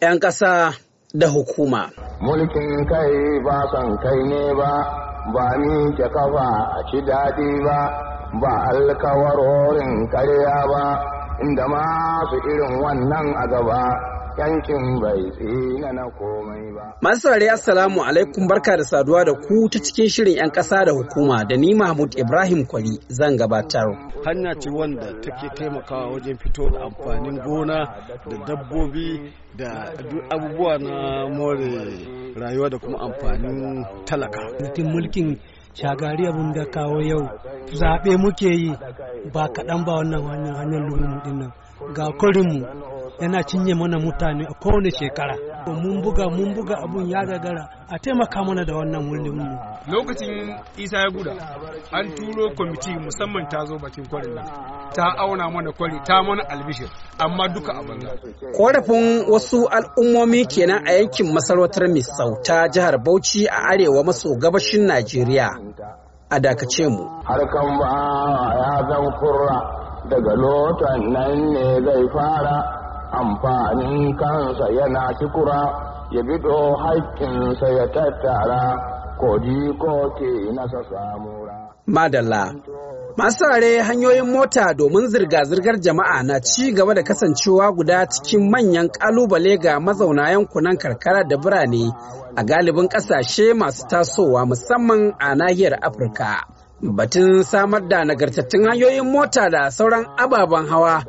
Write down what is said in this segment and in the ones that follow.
'yan ƙasa da hukuma. Mulkin kai ba san kai ne ba, ba ni ke kafa a ci daɗi ba, ba alkawarorin karya ba, inda masu irin wannan a gaba. yankin bai tsina na komai ba. Masu assalamu alaikum barka da saduwa da ku ta cikin shirin 'yan ƙasa da hukuma da ni Mahmud Ibrahim kwali zan gabatar. Hanya ce wanda take taimakawa wajen fito da amfanin gona da dabbobi da abubuwa na more rayuwa da kuma amfanin talaka. mutum mulkin shagari abin da kawo yau zaɓe muke yi ba kaɗan ba wannan hanyar lumin dinnan ga korinmu yana cinye mana mutane a kowane shekara mun buga mun buga abun ya gagara a taimaka mana da wannan wurin mu lokacin isa ya guda an turo kwamiti musamman ta zo bakin kwarin nan ta auna mana kwari ta mana albishir amma duka a banza korafin wasu al'ummomi kenan a yankin masarautar misauta jihar bauchi a arewa maso gabashin najeriya a dakace mu harkan ba ya zan kurra daga lotan nan ne zai fara amfanin kansa yana kikura ya bido haƙƙinsa ya tattara ji ko ke nasa samura. Madalla Masu hanyoyin mota domin zirga-zirgar jama'a na ci gaba da kasancewa guda cikin manyan ƙalubale ga mazauna yankunan karkara da birane a galibin ƙasashe masu tasowa musamman a nahiyar Afirka. batun samar da nagartattun hanyoyin mota da sauran ababen hawa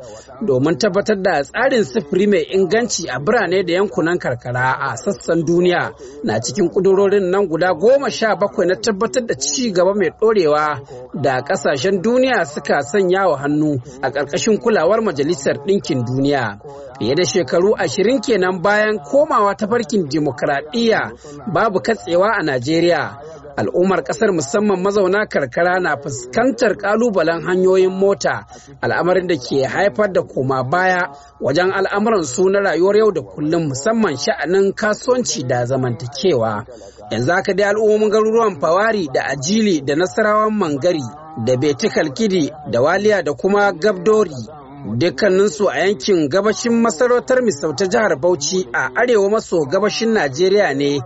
domin tabbatar da tsarin sufuri mai inganci a birane da yankunan karkara a sassan duniya na cikin kudurorin nan guda goma sha bakwai na tabbatar da ci gaba mai dorewa da kasashen duniya suka sanya wa hannu a ƙarƙashin kulawar majalisar ɗinkin duniya fiye da shekaru ashirin kenan bayan komawa ta farkin dimokuraɗiyya babu katsewa a najeriya al'ummar kasar musamman mazauna karkara na fuskantar kalubalen hanyoyin mota al'amarin da ke haifar da koma baya wajen al'amuran su na rayuwar yau da kullum musamman sha'anin kasuwanci da zamantakewa yanzu haka dai al'ummomin garuruwan fawari da ajili da nasarawan mangari da betikal kidi da waliya da kuma gabdori Dukkaninsu a yankin gabashin masarautar Misau ta jihar Bauchi a arewa maso gabashin Najeriya ne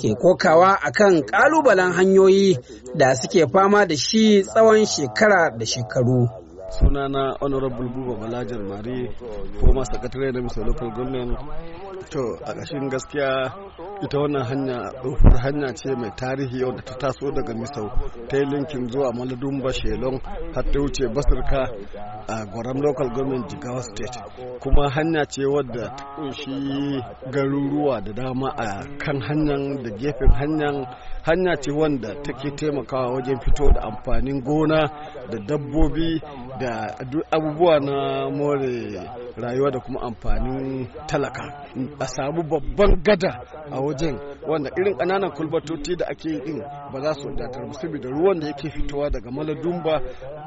ke kokawa akan kalubalen hanyoyi da suke fama da shi tsawon shekara da shekaru. sunana honorable buba balajar mari former secretary na mr local government to a ƙashin gaskiya ita wannan hanya tsohuwar hanya ce mai tarihi wadda ta taso daga misau ta linkin zuwa maladun bashelon har ta wuce basirka a gwaram local government jigawa state kuma hanya ce wadda ta kunshi garuruwa da dama a kan hanyar da gefen hanyar hanya ce wanda take taimakawa wajen fito da amfanin gona da dabbobi da abubuwa na more rayuwa da kuma amfanin talaka a samu babban gada a wajen wanda irin ƙananan kulbatoti da ake yi din ba za su wadatar musulmi da ruwan da yake fitowa daga maladumba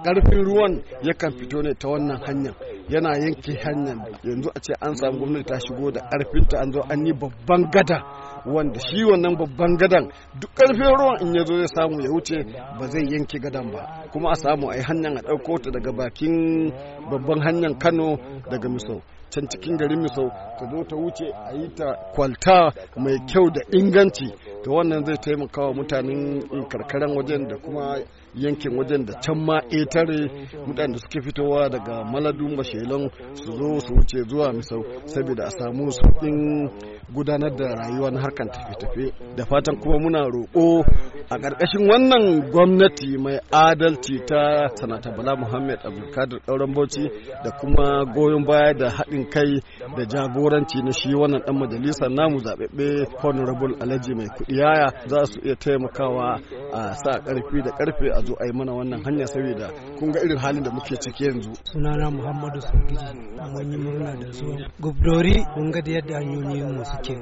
ƙarfin ruwan yakan fito ne ta wannan hanyar yana yanke hanyar yanzu a ce an samu gwamnati ta shigo da ƙarfinta an zo an yi babban gada wanda shi wannan babban gadan duk ƙarfin ruwan in ya zo ya samu ya wuce ba zai yanke gadan ba kuma a samu a yi hanyar a ɗauko ta daga bakin babban hanyar kano daga misau can cikin garin misau ta zo ta wuce a yi ta kwalta mai kyau da inganci to wannan zai taimaka wa mutanen karkaran wajen da kuma yankin wajen da can ma etare mutane suke fitowa daga maladun bashelon su zo su wuce zuwa misau saboda a samu sauƙin gudanar da rayuwa na harkar tafe-tafe da fatan kuma muna roƙo a ƙarƙashin wannan gwamnati mai adalci ta sanata bala muhammad abdulkadir ɗauran bauchi da kuma goyon baya da haɗin kai da jagoranci na shi wannan ɗan majalisa namu zaɓaɓɓe honorable alhaji mai kuɗi yaya za su iya taimakawa a sa ƙarfi da ƙarfe a zo a yi mana wannan hanya saboda kun ga irin halin da muke ciki yanzu sunana muhammadu sulgiji mun yi murna da zuwa gubdori kun ga da yadda hanyoyin mu suke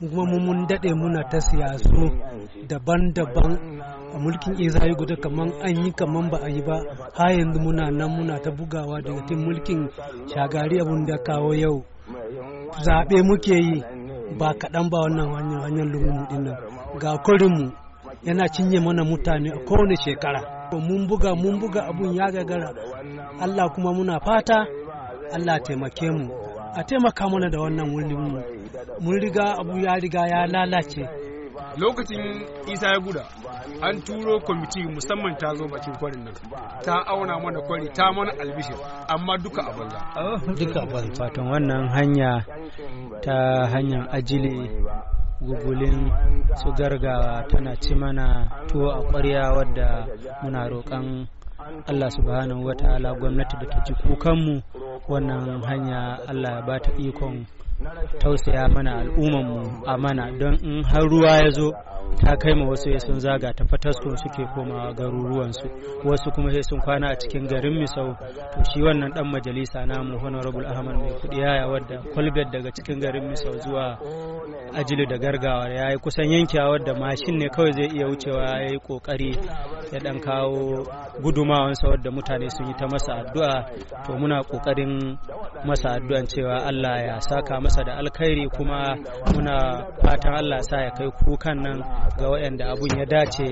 kuma mun daɗe muna ta siyasu daban-daban a mulkin izayi guda kamar an yi kamar ba a yi ba har yanzu muna nan muna ta bugawa daga tin mulkin shagari abun da kawo yau zaɓe muke yi ba kaɗan ba wannan hanyar hanyar lungun ɗin nan ga kurinmu yana cinye mana mutane a kowane shekara mun buga mun buga abun ya gagara allah kuma muna fata allah taimake mu a taimaka mana da wannan mu mun riga abu ya riga ya lalace lokacin isa ya guda an turo kwamiti musamman ta zo bakin kwarin nan ta auna mana kwari ta mana albishir amma duka a banza duka a banza fatan wannan hanya ta hanyar ajili. gugulin su gargawa tana ci mana tuwo a ƙwarya wadda muna roƙon allah subhanahu wa ta'ala gwamnati da ta ji kukanmu wannan hanya allah ya ba ta ikon tausaya mana al'ummanmu a mana don in har ruwa ya zo ta kai ma wasu sun zaga ta fatasko suke koma garuruwansu wasu kuma sai sun kwana a cikin garin misau to shi wannan dan majalisa na namu honorable ahmad mai kudi yaya wadda kwalbet daga cikin garin misau zuwa ajili da gargawa ya yi kusan yankewa wadda mashin ne kawai zai iya wucewa ya yi kokari ya dan kawo gudumawansa wadda mutane sun yi ta masa addu'a to muna kokarin masa addu'an cewa Allah ya saka masa da alkhairi kuma muna fatan Allah sa ya kai kukan nan ga waɗanda abun ya dace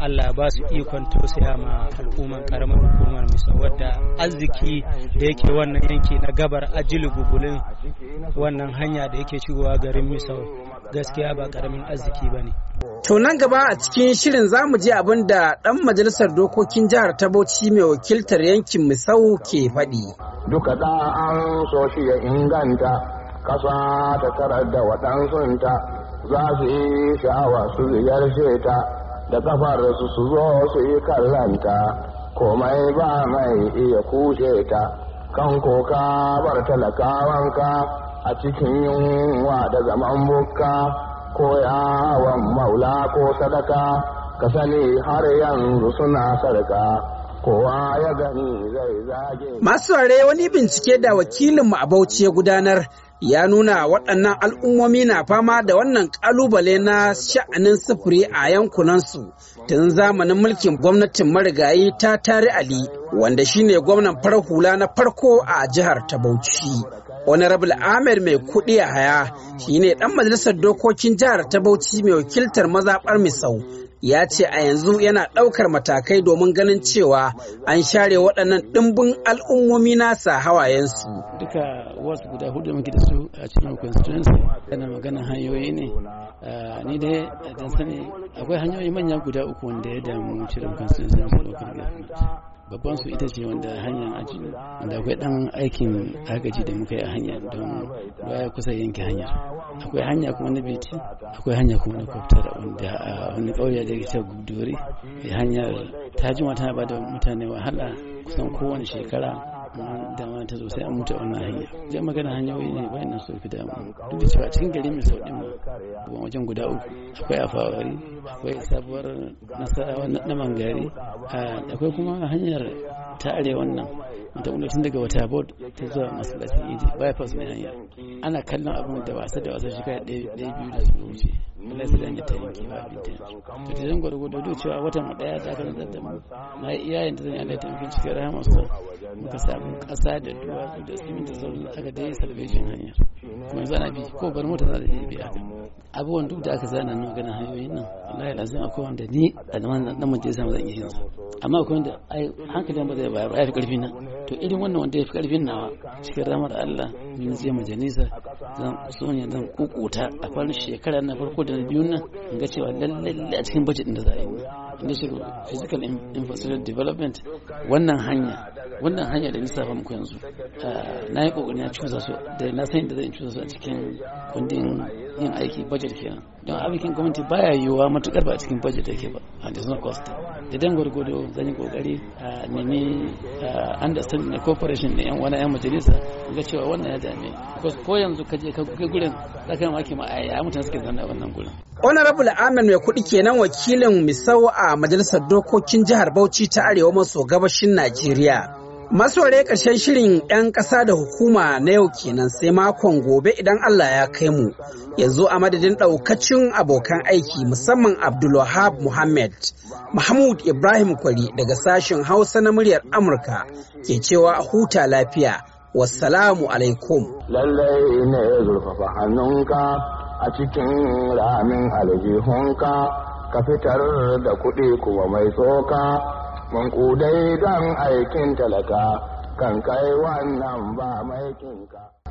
Allah ba su ikon tausaya ma al'umman karamar hukumar misa wadda arziki da yake wannan yanki na gabar ajili gugulin wannan hanya da yake shigowa garin misa gaskiya ba karamin arziki ba ne. To nan gaba a cikin shirin za mu je abin da ɗan majalisar dokokin jihar ta Bauchi mai wakiltar yankin Misau ke faɗi. Duka da an so shi ya inganta, kasa ta tarar da waɗansunta, za su yi sha'awa su ziyarce ta da kafar su su zo su yi kallanta komai ba mai iya kushe ta kan koka bar talakawanka a cikin yunwa da zaman bukka ko yawon maula ko sadaka ka sani har yanzu suna sarka kowa ya gani zai zage masu wani bincike da wakilinmu a bauchi ya gudanar ya nuna waɗannan al'ummomi na fama da wannan ƙalubale na sha'anin sufuri a yankunansu tun zamanin mulkin gwamnatin marigayi ta tare ali wanda shine gwamnan farhula hula na farko a jihar ta bauchi honorable ahmed mai kuɗi a haya shine ɗan majalisar dokokin jihar ta bauchi mai wakiltar mazaɓar misau ya ce a yanzu yana ɗaukar matakai domin ganin cewa an share waɗannan ɗimbin al'ummomi nasa hawayensu. Duka wasu guda hudu muke da su a cikin constituency yana magana hanyoyi ne. Ah, ni dai dan sani akwai hanyoyi manya guda uku wanda ya damu cikin constituency local government. babban su ita ce wanda hanyar aji da akwai dan aikin agaji da muka yi a hanya don baya kusa yanke hanya akwai hanya kuma na beti akwai hanya kuma na kwaftar wanda a wani kauya da ita gudore eh, hanyar ta ji mata ba da mutane wahala kusan kowane shekara dama ta zo sai an mutu wannan hanya zai magana hanyoyi ne bayan nan su fi damu duk da cewa cikin gari mai sauɗin ma wajen guda uku akwai afawari akwai sabuwar nasarawa na mangari akwai kuma hanyar ta are wannan da wani tun daga wata bod ta zuwa masallacin idi bypass mai hanya ana kallon abin da wasa da wasa shekara ɗaya biyu da su wuce Allah sai dan ta yanki ba bin ta to ta zan gwargwado da cewa watan mu daya ta kana da mu na iyayen ta zan yi ta yanke cikin rahama sa muka samu kasa da duwatsu da siminti da aka dai salvation hanya kuma zana bi ko bar mota za ta biya abubuwan duk da aka zana na maganin hanyoyin nan wallahi lazim akwai wanda ni a alman dan majalisa ba zan iya yanzu amma akwai wanda ai hankalin ba zai ba ya fi karfi nan to irin wannan wanda ya fi karfin nawa cikin ramar Allah ni zai majalisa zan so ne zan kukuta a farin shekara na farko da na biyun nan in ga cewa lalle a cikin budget din da za a yi shi physical infrastructure development wannan hanya wannan hanya da nisa lissafa muku yanzu ah, na yi kokarin ya cusa su da na san da zan cusa su a cikin kundin yin aiki budget ke nan don aikin gwamnati baya yiwuwa matukar ba a cikin budget yake ba a it's cost da dan gwargwado zan yi kokari a nemi understanding na corporation da yan wani yan majalisa ga cewa wannan ya dame ko yanzu ka je ka kai gurin zaka yi maki ma a mutane suke zanna wannan gurin Honorable amen mai kuɗi kenan wakilin Misau a Majalisar Dokokin Jihar Bauchi ta Arewa maso gabashin Najeriya. Masore ƙarshen shirin 'yan ƙasa da hukuma na yau kenan sai makon gobe idan Allah ya kai mu. Yanzu a madadin ɗaukacin abokan aiki musamman Abdulwahab Muhammad, Mahmud Ibrahim Kwari daga sashen Hausa na muryar Amurka ke cewa huta lafiya. Wassalamu alaikum. Lallai ne zurfafa hannunka a cikin ramin aljihunka ka fitar da kuɗi kuma mai tsoka. Mun don aikin talaka, kan kai wannan ba maikinka.